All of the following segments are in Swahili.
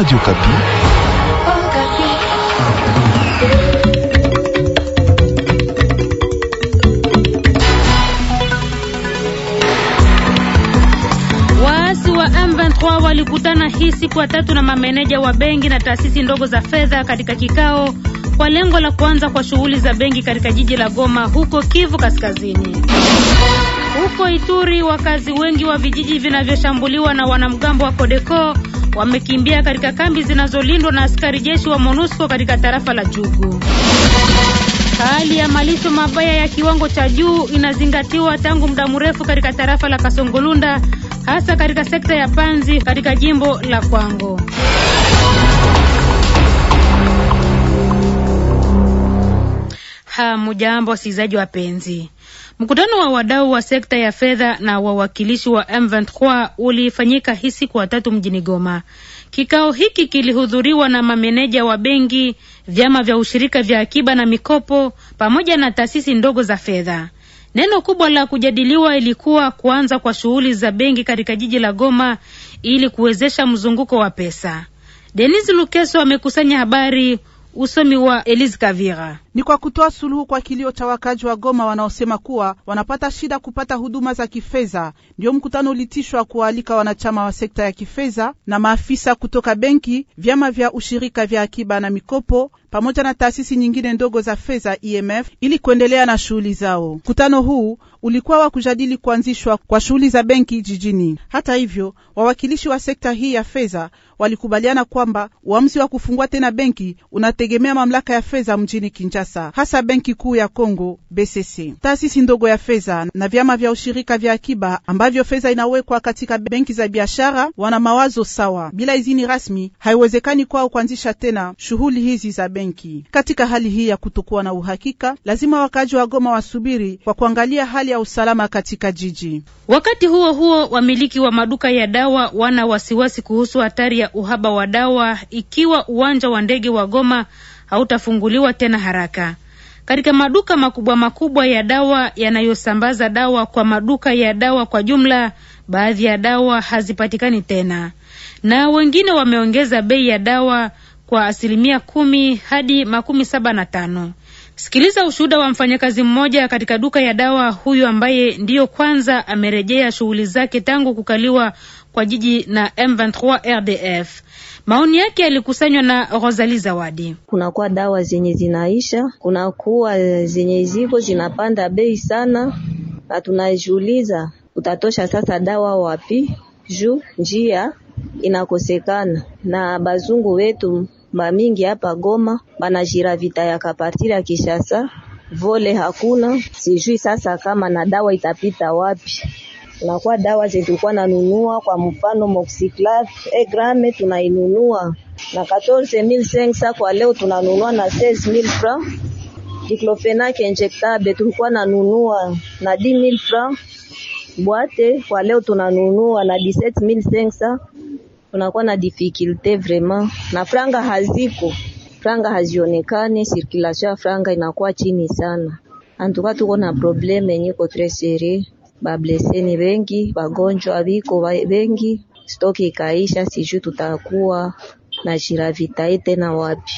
Radio Kapi. Waasi wa M23 walikutana hii siku ya tatu na mameneja wa benki na taasisi ndogo za fedha katika kikao kwa lengo la kuanza kwa shughuli za benki katika jiji la Goma huko Kivu Kaskazini. Huko Ituri, wakazi wengi wa vijiji vinavyoshambuliwa na wanamgambo wa Kodeko wamekimbia katika kambi zinazolindwa na askari jeshi wa MONUSCO katika tarafa la Jugu. Hali ya malisho mabaya ya kiwango cha juu inazingatiwa tangu muda mrefu katika tarafa la Kasongolunda hasa katika sekta ya Panzi katika jimbo la Kwango. Hamujambo wasikilizaji wapenzi. Mkutano wa wadau wa sekta ya fedha na wawakilishi wa M23 ulifanyika hii siku ya tatu mjini Goma. Kikao hiki kilihudhuriwa na mameneja wa benki, vyama vya ushirika vya akiba na mikopo, pamoja na taasisi ndogo za fedha. Neno kubwa la kujadiliwa ilikuwa kuanza kwa shughuli za benki katika jiji la Goma ili kuwezesha mzunguko wa pesa. Denis Lukeso amekusanya habari, usomi wa Elise Kavira ni kwa kutoa suluhu kwa kilio cha wakaji wa Goma wanaosema kuwa wanapata shida kupata huduma za kifedha. Ndio mkutano ulitishwa kuwaalika wanachama wa sekta ya kifedha na maafisa kutoka benki, vyama vya ushirika vya akiba na mikopo pamoja na taasisi nyingine ndogo za fedha IMF e ili kuendelea na shughuli zao. Mkutano huu ulikuwa wa kujadili kuanzishwa kwa shughuli za benki jijini. Hata hivyo, wawakilishi wa sekta hii ya fedha walikubaliana kwamba uamuzi wa kufungua tena benki unategemea mamlaka ya fedha mjini Kinshasa. Kinshasa, hasa Benki Kuu ya Kongo BCC. Taasisi ndogo ya fedha na vyama vya ushirika vya akiba ambavyo fedha inawekwa katika benki za biashara wana mawazo sawa. Bila izini rasmi, haiwezekani kwao kuanzisha tena shughuli hizi za benki. Katika hali hii ya kutokuwa na uhakika, lazima wakaaji wa Goma wasubiri kwa kuangalia hali ya usalama katika jiji. Wakati huo huo, wamiliki wa maduka ya dawa wana wasiwasi kuhusu hatari ya uhaba wa dawa ikiwa uwanja wa ndege wa Goma hautafunguliwa tena haraka. Katika maduka makubwa makubwa ya dawa yanayosambaza dawa kwa maduka ya dawa kwa jumla, baadhi ya dawa hazipatikani tena, na wengine wameongeza bei ya dawa kwa asilimia kumi hadi makumi saba na tano. Sikiliza ushuhuda wa mfanyakazi mmoja katika duka ya dawa huyu ambaye ndiyo kwanza amerejea shughuli zake tangu kukaliwa kwa jiji na M23 RDF. Maoni yake yalikusanywa na Rosali Zawadi. Kunakuwa dawa zenye zinaisha, kunakuwa zenye ziko zinapanda bei sana, na tunajiuliza utatosha sasa dawa wapi? Juu njia inakosekana na bazungu wetu mamingi hapa Goma banajira vita ya kapatira ya Kishasa, vole hakuna, sijui sasa kama na dawa itapita wapi. Unakuwa dawa zenye tulikuwa nanunua kwa mfano Moxiclav e eh, grame tunainunua na 14500 kwa leo tunanunua na 16000 francs. Diclofenac injectable tulikuwa nanunua na 10000 francs boite kwa leo tunanunua na 17500 tunakuwa na difficulte vraiment, na franga haziko, franga hazionekani, circulation ya franga inakuwa chini sana. Antuka tuko na probleme yenye ko tres serie bableseni bengi, bagonjwa biko bengi, stoki ikaisha, sijui tutakuwa na jiravitai tena wapi.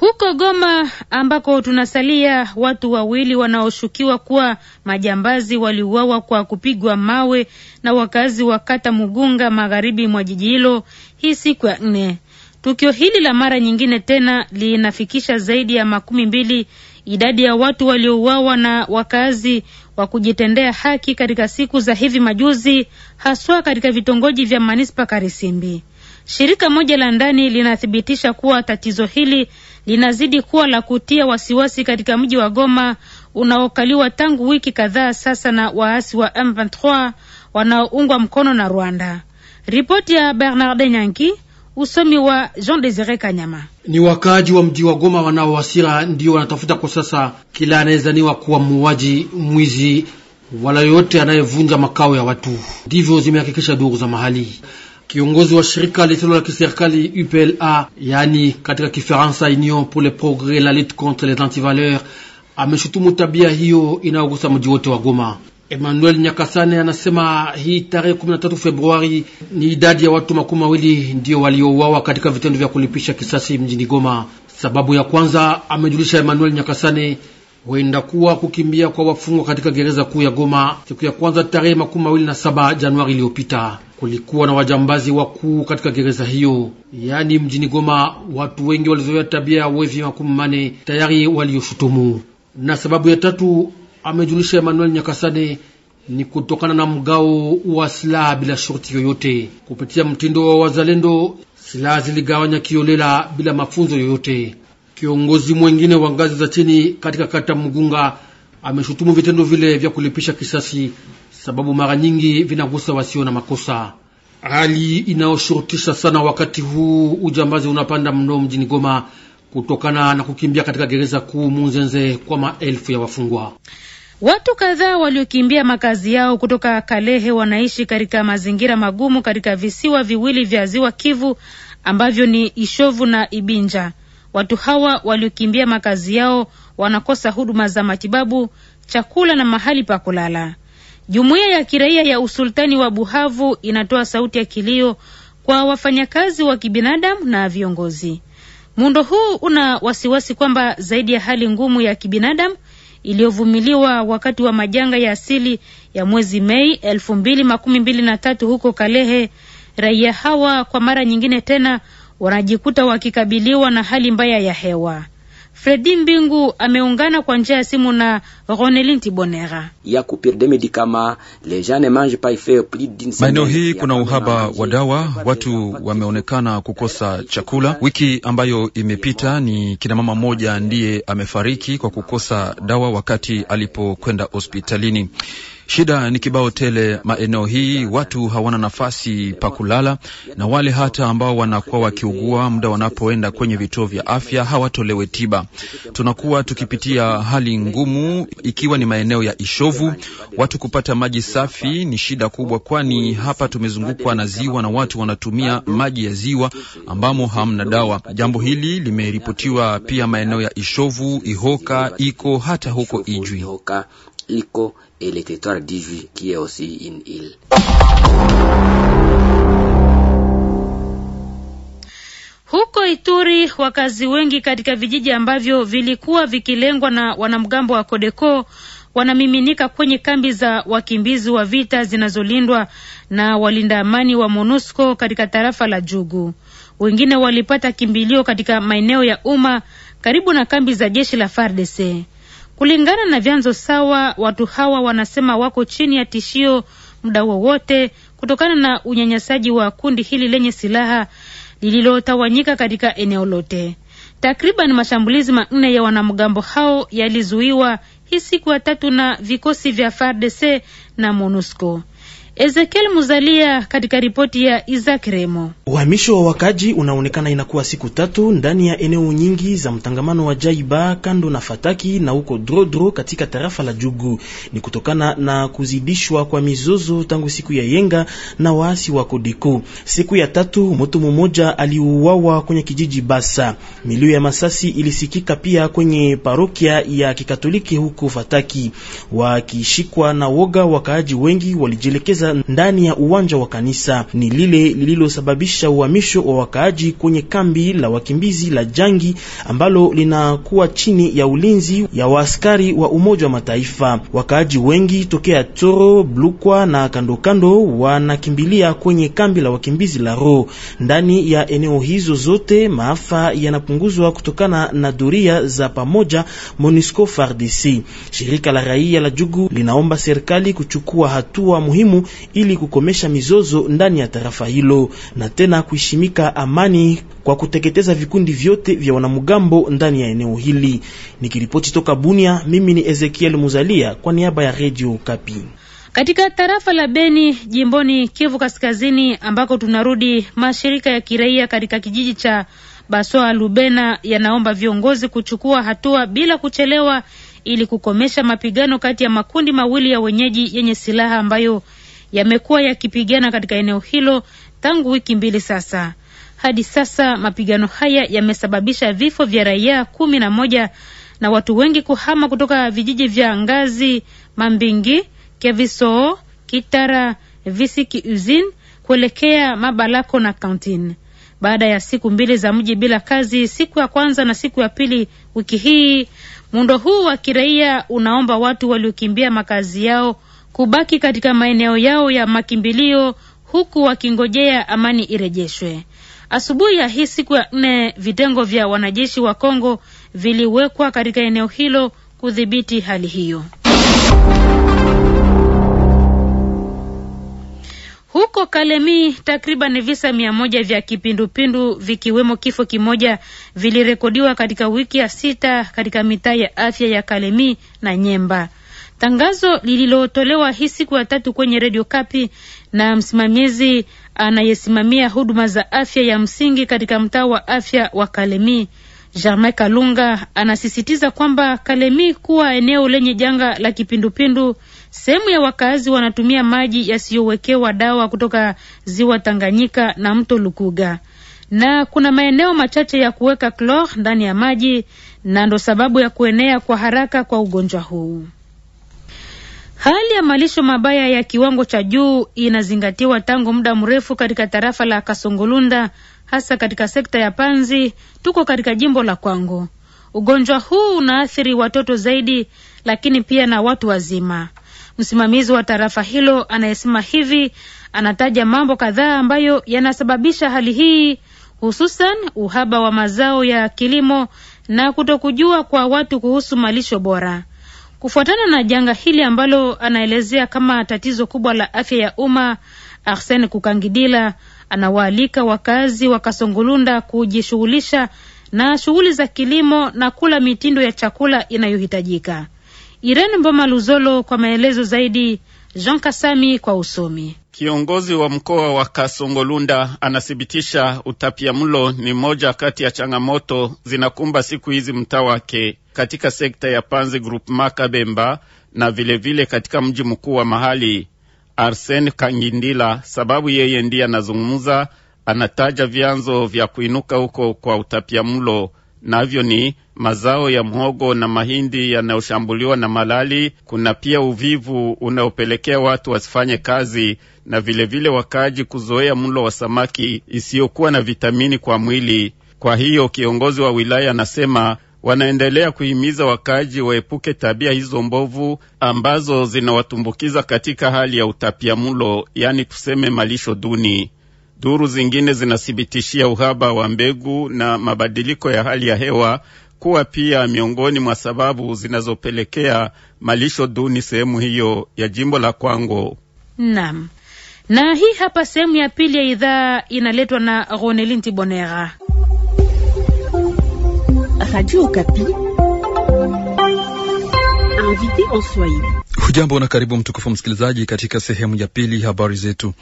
Huko Goma ambako tunasalia, watu wawili wanaoshukiwa kuwa majambazi waliuawa kwa kupigwa mawe na wakazi wa kata Mugunga magharibi mwa jiji hilo hii siku ya nne. Tukio hili la mara nyingine tena linafikisha zaidi ya makumi mbili idadi ya watu waliouawa na wakazi wa kujitendea haki katika siku za hivi majuzi, haswa katika vitongoji vya manispa Karisimbi. Shirika moja la ndani linathibitisha kuwa tatizo hili linazidi kuwa la kutia wasiwasi katika mji wa Goma unaokaliwa tangu wiki kadhaa sasa na waasi wa M23 wanaoungwa mkono na Rwanda. Ripoti ya Bernard Nyanki. Usomi wa Jean Desire Kanyama. Ni wakaaji wa mji wa Goma wanaowasira ndio wanatafuta kwa sasa kila anayezaniwa kuwa muuaji, mwizi, wala yoyote anayevunja makao ya watu. Ndivyo zimehakikisha duru za mahali. Kiongozi wa shirika lisilo la kiserikali UPLA, yaani katika Kifaransa Union pour le progrès la lutte contre les antivaleurs, ameshutumu tabia hiyo inayogusa mji wote wa Goma. Emmanuel Nyakasane anasema hii tarehe 13 Februari ni idadi ya watu makumi mawili ndio waliouawa katika vitendo vya kulipisha kisasi mjini Goma. Sababu ya kwanza, amejulisha Emmanuel Nyakasane, huenda kuwa kukimbia kwa wafungwa katika gereza kuu ya Goma. Siku ya kwanza tarehe makumi mawili na saba Januari iliyopita kulikuwa na wajambazi wakuu katika gereza hiyo, yaani mjini Goma. Watu wengi walizoea tabia ya wevi makumi mane tayari walioshutumu. Na sababu ya tatu amejulisha Emmanuel Nyakasade, ni kutokana na mgao wa silaha bila shurti yoyote kupitia mtindo wa wazalendo. Silaha ziligawanya kiolela bila mafunzo yoyote. Kiongozi mwengine wa ngazi za chini katika kata Mgunga ameshutumu vitendo vile vya kulipisha kisasi, sababu mara nyingi vinagusa wasio na makosa, hali inayoshurutisha sana wakati huu ujambazi unapanda mno mjini Goma kutokana na kukimbia katika gereza kuu Munzenze kwa maelfu ya wafungwa. Watu kadhaa waliokimbia makazi yao kutoka Kalehe wanaishi katika mazingira magumu katika visiwa viwili vya Ziwa Kivu ambavyo ni Ishovu na Ibinja. Watu hawa waliokimbia makazi yao wanakosa huduma za matibabu, chakula na mahali pa kulala. Jumuiya ya kiraia ya usultani wa Buhavu inatoa sauti ya kilio kwa wafanyakazi wa kibinadamu na viongozi. Muundo huu una wasiwasi kwamba zaidi ya hali ngumu ya kibinadamu iliyovumiliwa wakati wa majanga ya asili ya mwezi Mei elfu mbili makumi mbili na tatu huko Kalehe, raia hawa kwa mara nyingine tena wanajikuta wakikabiliwa na hali mbaya ya hewa. Fredi Mbingu ameungana kwa njia ya simu na Ronelin Tibonera. Maeneo hii kuna uhaba wa dawa, watu wameonekana kukosa chakula. Wiki ambayo imepita ni kinamama mmoja ndiye amefariki kwa kukosa dawa wakati alipokwenda hospitalini. Shida ni kibao tele maeneo hii, watu hawana nafasi pa kulala, na wale hata ambao wanakuwa wakiugua muda wanapoenda kwenye vituo vya afya hawatolewe tiba. Tunakuwa tukipitia hali ngumu, ikiwa ni maeneo ya Ishovu. Watu kupata maji safi ni shida kubwa, kwani hapa tumezungukwa na ziwa na watu wanatumia maji ya ziwa ambamo hamna dawa. Jambo hili limeripotiwa pia maeneo ya Ishovu, Ihoka, Iko hata huko Ijwi. Ilko et le territoire d'Iju qui est aussi une île. Huko Ituri, wakazi wengi katika vijiji ambavyo vilikuwa vikilengwa na wanamgambo wa Kodeko wanamiminika kwenye kambi za wakimbizi wa vita zinazolindwa na walinda amani wa MONUSCO katika tarafa la Jugu. Wengine walipata kimbilio katika maeneo ya umma karibu na kambi za jeshi la FARDC. Kulingana na vyanzo sawa, watu hawa wanasema wako chini ya tishio muda wowote kutokana na unyanyasaji wa kundi hili lenye silaha lililotawanyika katika eneo lote. Takriban mashambulizi manne ya wanamgambo hao yalizuiwa hii siku ya tatu na vikosi vya FARDC na MONUSCO. Ezekiel Muzalia katika ripoti ya Isaac Remo. Uhamisho wa wakaji unaonekana inakuwa siku tatu ndani ya eneo nyingi za mtangamano wa Jaiba kando na Fataki na huko Drodro katika tarafa la Jugu. Ni kutokana na kuzidishwa kwa mizozo tangu siku ya Yenga na waasi wa Kodeko. Siku ya tatu mtu mmoja aliuawa kwenye kijiji Basa. Milio ya masasi ilisikika pia kwenye parokia ya Kikatoliki huko Fataki. Wakishikwa na woga, wakaaji wengi walijielekeza kucheza ndani ya uwanja wa kanisa. Ni lile lililosababisha uhamisho wa wakaaji kwenye kambi la wakimbizi la Jangi ambalo linakuwa chini ya ulinzi ya waaskari wa Umoja wa Mataifa. Wakaaji wengi tokea Toro, Blukwa na kandokando wanakimbilia kwenye kambi la wakimbizi la Ro. Ndani ya eneo hizo zote maafa yanapunguzwa kutokana na doria za pamoja MONUSCO FARDC. Shirika la raia la Jugu linaomba serikali kuchukua hatua muhimu ili kukomesha mizozo ndani ya tarafa hilo na tena kuheshimika amani kwa kuteketeza vikundi vyote vya wanamgambo ndani ya eneo hili. Nikiripoti toka Bunia, mimi ni Ezekiel Muzalia kwa niaba ya Radio Kapi. Katika tarafa la Beni jimboni Kivu Kaskazini, ambako tunarudi, mashirika ya kiraia katika kijiji cha Basoa Lubena yanaomba viongozi kuchukua hatua bila kuchelewa ili kukomesha mapigano kati ya makundi mawili ya wenyeji yenye silaha ambayo yamekuwa yakipigana katika eneo hilo tangu wiki mbili sasa. Hadi sasa mapigano haya yamesababisha vifo vya raia kumi na moja na watu wengi kuhama kutoka vijiji vya Ngazi, Mambingi, Kevisoo, Kitara, Visiki Uzin kuelekea Mabalako na Kantin. Baada ya siku mbili za mji bila kazi, siku ya kwanza na siku ya pili wiki hii, muundo huu wa kiraia unaomba watu waliokimbia makazi yao kubaki katika maeneo yao ya makimbilio huku wakingojea amani irejeshwe. Asubuhi ya hii siku ya nne, vitengo vya wanajeshi wa Kongo viliwekwa katika eneo hilo kudhibiti hali hiyo. Huko Kalemi takriban visa mia moja vya kipindupindu vikiwemo kifo kimoja vilirekodiwa katika wiki ya sita katika mitaa ya afya ya Kalemi na Nyemba. Tangazo lililotolewa hii siku ya tatu kwenye redio Kapi na msimamizi anayesimamia huduma za afya ya msingi katika mtaa wa afya wa Kalemi, Germain Kalunga anasisitiza kwamba Kalemi kuwa eneo lenye janga la kipindupindu. Sehemu ya wakazi wanatumia maji yasiyowekewa dawa kutoka ziwa Tanganyika na mto Lukuga, na kuna maeneo machache ya kuweka klor ndani ya maji, na ndo sababu ya kuenea kwa haraka kwa ugonjwa huu. Hali ya malisho mabaya ya kiwango cha juu inazingatiwa tangu muda mrefu katika tarafa la Kasongolunda, hasa katika sekta ya Panzi. Tuko katika jimbo la Kwango. Ugonjwa huu unaathiri watoto zaidi, lakini pia na watu wazima. Msimamizi wa tarafa hilo anayesema hivi anataja mambo kadhaa ambayo yanasababisha hali hii, hususan uhaba wa mazao ya kilimo na kutokujua kwa watu kuhusu malisho bora. Kufuatana na janga hili ambalo anaelezea kama tatizo kubwa la afya ya umma, Arsen Kukangidila anawaalika wakazi wa kasongulunda kujishughulisha na shughuli za kilimo na kula mitindo ya chakula inayohitajika. Irene Mboma Luzolo kwa maelezo zaidi, Jean Kasami kwa usomi. Kiongozi wa mkoa wa Kasongolunda anathibitisha utapiamlo ni moja kati ya changamoto zinakumba siku hizi mtaa wake katika sekta ya Panzi maka bemba na vilevile vile katika mji mkuu wa mahali. Arsene Kangindila, sababu yeye ndiye anazungumza, anataja vyanzo vya kuinuka huko kwa utapiamlo, navyo ni mazao ya mhogo na mahindi yanayoshambuliwa na malali. Kuna pia uvivu unaopelekea watu wasifanye kazi na vilevile vile wakaaji kuzoea mlo wa samaki isiyokuwa na vitamini kwa mwili. Kwa hiyo kiongozi wa wilaya anasema wanaendelea kuhimiza wakaaji waepuke tabia hizo mbovu ambazo zinawatumbukiza katika hali ya utapia mlo, yaani tuseme malisho duni. Duru zingine zinathibitishia uhaba wa mbegu na mabadiliko ya hali ya hewa kuwa pia miongoni mwa sababu zinazopelekea malisho duni sehemu hiyo ya jimbo la Kwango. Naam. Na hii hapa sehemu ya pili ya idhaa inaletwa na Ronelinti Bonera. Hujambo na karibu mtukufu msikilizaji katika sehemu ya pili habari zetu.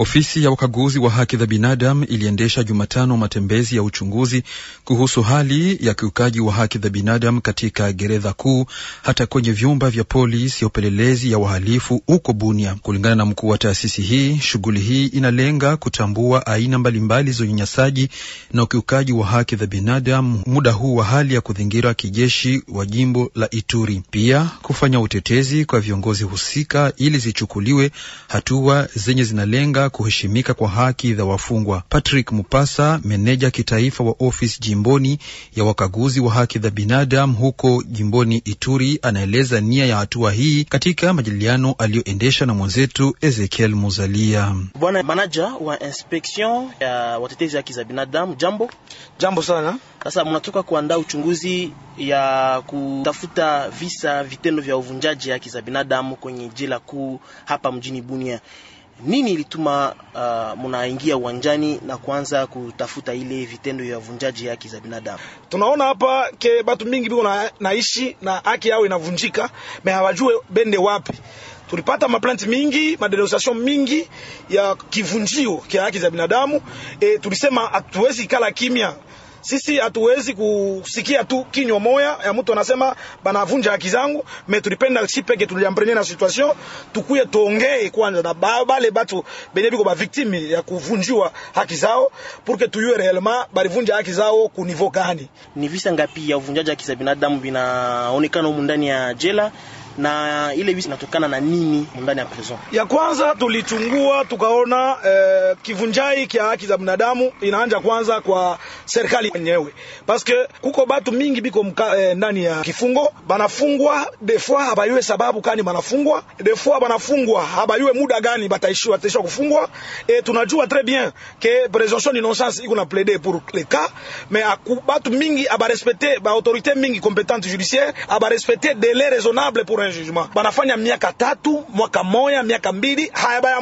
Ofisi ya ukaguzi wa haki za binadamu iliendesha Jumatano matembezi ya uchunguzi kuhusu hali ya kiukaji wa haki za binadamu katika gereza kuu hata kwenye vyumba vya polisi ya upelelezi ya wahalifu huko Bunia. Kulingana na mkuu wa taasisi hii, shughuli hii inalenga kutambua aina mbalimbali za unyanyasaji na ukiukaji wa haki za binadamu muda huu wa hali ya kuzingira kijeshi wa jimbo la Ituri, pia kufanya utetezi kwa viongozi husika ili zichukuliwe hatua zenye zinalenga kuheshimika kwa haki za wafungwa. Patrick Mupasa, meneja kitaifa wa ofisi jimboni ya wakaguzi wa haki za binadamu huko jimboni Ituri, anaeleza nia ya hatua hii katika majadiliano aliyoendesha na mwenzetu Ezekiel Muzalia. Bwana manaja wa inspeksion ya watetezi haki za binadamu, jambo jambo sana. Sasa mnatoka kuandaa uchunguzi ya kutafuta visa vitendo vya uvunjaji haki za binadamu kwenye jela kuu hapa mjini Bunia nini ilituma uh, mnaingia uwanjani na kuanza kutafuta ile vitendo vya vunjaji haki za binadamu? Tunaona hapa ke batu mingi biko na, naishi na haki yao inavunjika, me hawajue bende wapi. Tulipata maplanti mingi madenosation mingi ya kivunjio kia haki za binadamu e, tulisema hatuwezi kala kimya sisi hatuwezi kusikia tu kinywa moya ya mtu anasema banavunja haki zangu, me tulipenda si peke tuliambrenye na situation, tukuye tuongee kwanza na bale batu benye biko ba victime ya kuvunjiwa haki zao porque tuyue reellement balivunja haki zao ku niveau gani. Ni visa ngapi ya uvunjaji haki za binadamu binaonekana humu ndani ya jela? na ile wizi inatokana na nini ndani ya prison? Ya kwanza tulichungua tukaona eh, kivunjai kia haki za binadamu inaanja kwanza kwa serikali yenyewe, paske kuko batu mingi biko eh, ndani ya kifungo banafungwa defoi habayue sababu kani banafungwa defoi banafungwa habayue muda gani bataishiwa taishiwa kufungwa. E, tunajua tres bien ke presumption d'innocence iko na plaide pour le cas mais batu mingi abarespecte ba autorité mingi compétente judiciaire abarespecte délai raisonnable pour foreign jugement banafanya miaka tatu mwaka moya miaka mbili haya baya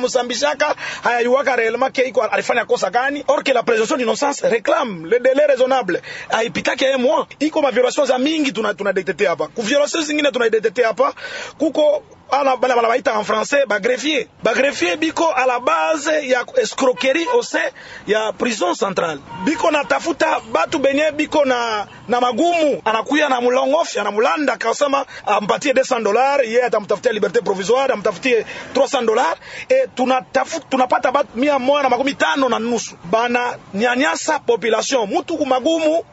haya yuwaka réellement ke iko alifanya kosa gani or que la présomption d'innocence réclame le délai raisonnable haipitaki un mwa iko ma violation za mingi tuna tuna hapa ku violation zingine tuna tunaidetete hapa kuko ana bala bala baita en français ba greffier ba greffier biko à la base ya escroquerie au sein ya prison centrale biko na tafuta batu benye biko na na magumu anakuya na mulongofi anamulanda kasema ampatie 200 dollars, yeye atamtafutia liberté provisoire, amtafutie 300 dollars et tunatafuta tunapata batu mia moja na makumi tano na nusu bana nyanyasa population mutu kumagumu,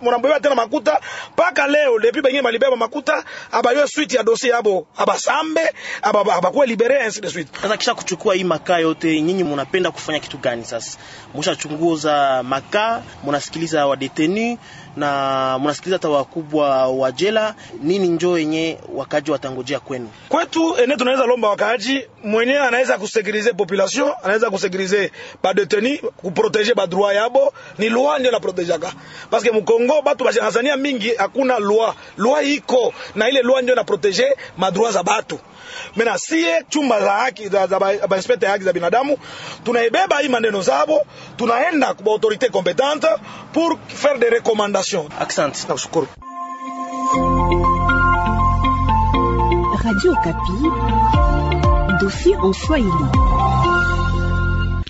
munambeba tena makuta paka leo lepi benye balibeba makuta abayo suite ya dossier yabo abasambe abakuwe libere ainsi de suite. Sasa kisha kuchukua hii makaa yote, nyinyi munapenda kufanya kitu gani? Sasa mushachunguza makaa, munasikiliza wadetenu na mnasikiliza hata wakubwa wa jela. Nini njo yenye wakaji watangojea kwenu? Kwetu ene tunaweza lomba wakaji mwenye anaweza kusekirize population, anaweza kusekirize badeteni, kuproteje badrua yabo. Ni loi ndio naprotejaka paske mkongo batu bashangazania mingi, hakuna loi. Loi iko na ile loi ndio proteje madroit za batu Mena sie chumba za haki za, za bainspekta ya haki za binadamu tunaibeba hii maneno zabo, tunaenda kwa autorite kompetente pour faire des recommandations. Asante na kushukuru. Radio Kapi, dossier en Swahili.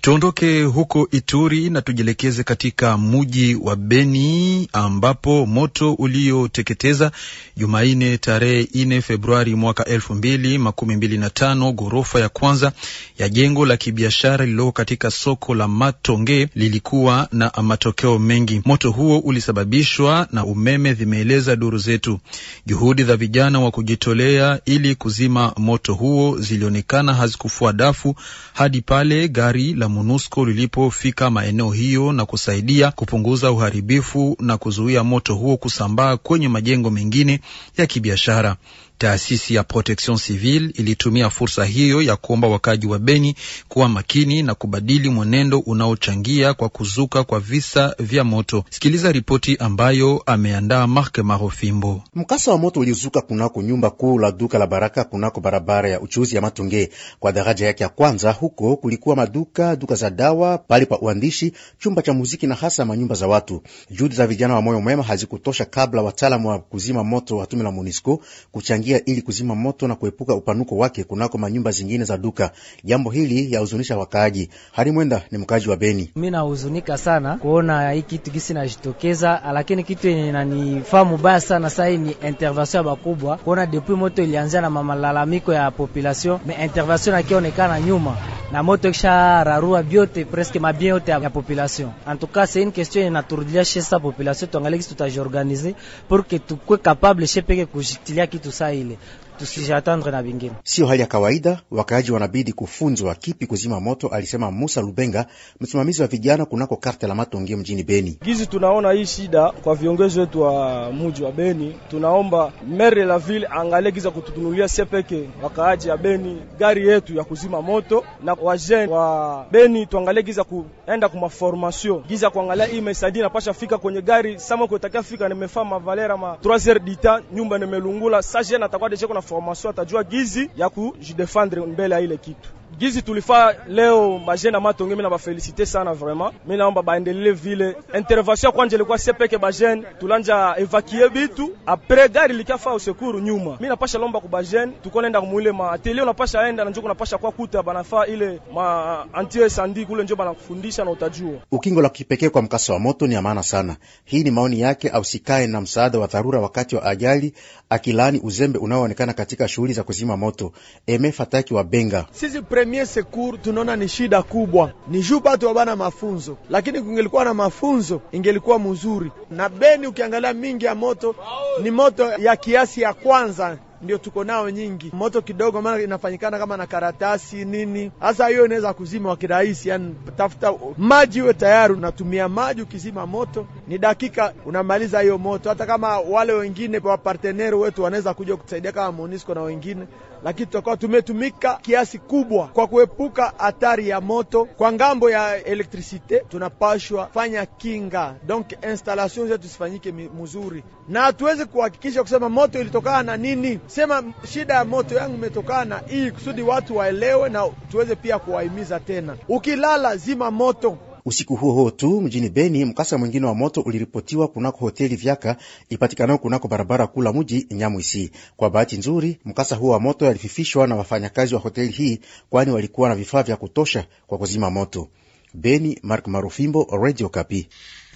Tuondoke huko Ituri na tujielekeze katika muji wa Beni ambapo moto ulioteketeza Jumanne tarehe nne Februari mwaka elfu mbili makumi mbili na tano ghorofa ya kwanza ya jengo la kibiashara lililoko katika soko la Matonge lilikuwa na matokeo mengi. Moto huo ulisababishwa na umeme, vimeeleza duru zetu. Juhudi za vijana wa kujitolea ili kuzima moto huo zilionekana hazikufua dafu hadi pale gari la MONUSCO lilipofika maeneo hiyo na kusaidia kupunguza uharibifu na kuzuia moto huo kusambaa kwenye majengo mengine ya kibiashara. Taasisi ya Protection Civil ilitumia fursa hiyo ya kuomba wakaji wa Beni kuwa makini na kubadili mwenendo unaochangia kwa kuzuka kwa visa vya moto. Sikiliza ripoti ambayo ameandaa Mark Marofimbo. Mkasa wa moto ulizuka kunako nyumba kuu la duka la Baraka kunako barabara ya uchuzi ya Matunge kwa daraja yake ya kwanza. Huko kulikuwa maduka, duka za dawa, pali pa uandishi, chumba cha muziki na hasa manyumba za watu. Juhudi za vijana wa moyo mwema hazikutosha kabla wataalamu wa kuzima moto watumi la MONUSCO kuchangia kuchangia ili kuzima moto na kuepuka upanuko wake kunako manyumba zingine za duka. Jambo hili yahuzunisha wakaaji. Mwenda ni mkaaji wa Beni. Mi nahuzunika sana kuona hii kitu gisi najitokeza, lakini kitu yenye nanifahamu baya sana sai ni intervention ya bakubwa, kuona depuis moto ilianzia na mamalalamiko ya population, me intervention akionekana nyuma na moto kisha rarua byote presque mabien yote ya population. En tout cas c'est une question inaturudilia chez sa population, tuangalie kisi tutajiorganize pour que tukwe capable shepeke kujitilia kitu sahi Israeli tusijatandre na bingine. Sio hali ya kawaida, wakaaji wanabidi kufunzwa kipi kuzima moto, alisema Musa Lubenga, msimamizi wa vijana kunako karte la Matonge mjini Beni. Gizi tunaona hii shida kwa viongozi wetu wa muji wa Beni, tunaomba mere la ville angalie giza kututunulia sepeke wakaaji ya Beni gari yetu ya kuzima moto, na wajene wa Beni tuangalie giza kuenda kuma formation, giza kuangalia hii mesaidi napasha fika kwenye gari samo kuetakia fika nimefaa mavalera ma 3 heures dita nyumba nimelungula sa jeni atakuwa deje kuna formation atajua gizi ya kujidefendre mbele ya ile kitu gizi tulifaa leo na Matonge, mina na bafelisite sana vraiment. Mimi naomba baendelee vile intervention kwanje ilikuwa sepeke bajene tulanja evacuer bitu apre gari likafa usekuru nyuma. Mimi napasha lomba ku bajene tuko naenda kumule ma atelier, unapasha enda na njoko napasha kwa kuta banafaa ile ma anti sandi kule njoo banakufundisha na utajua. Ukingo la kipekee kwa mkasa wa moto ni amana sana. Hii ni maoni yake au sikae na msaada wa dharura wakati wa ajali, akilani uzembe unaoonekana katika shughuli za kuzima moto. Eme Fataki wa Benga. Sisi premier secours tunaona ni shida kubwa, ni juu batu wabana mafunzo, lakini kungelikuwa na mafunzo ingelikuwa mzuri. Na Beni ukiangalia mingi ya moto ni moto ya kiasi ya kwanza ndio tuko nao nyingi moto kidogo, maana inafanyikana kama na karatasi nini. Hasa hiyo inaweza kuzima wa kirahisi, yani tafuta maji iwe tayari, unatumia maji. Ukizima moto ni dakika unamaliza hiyo moto, hata kama wale wengine wa parteneri wetu wanaweza kuja kutusaidia kama MONUSCO na wengine lakini tutakuwa tumetumika kiasi kubwa kwa kuepuka hatari ya moto. Kwa ngambo ya elektrisite, tunapashwa fanya kinga, donc installation zetu zifanyike mzuri, na tuweze kuhakikisha kusema moto ilitokana na nini, sema shida ya moto yangu imetokana hii, kusudi watu waelewe na tuweze pia kuwahimiza tena. Ukilala zima moto Usiku huo huo tu mjini Beni, mkasa mwingine wa moto uliripotiwa kunako hoteli Vyaka ipatikanayo kunako barabara kula muji Nyamwisi. Kwa bahati nzuri, mkasa huo wa moto yalififishwa na wafanyakazi wa hoteli hii, kwani walikuwa na vifaa vya kutosha kwa kuzima moto. Beni, Mark Marufimbo, Radio Kapi.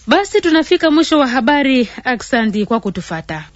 Basi tunafika mwisho wa habari. Aksandi kwa kutufata.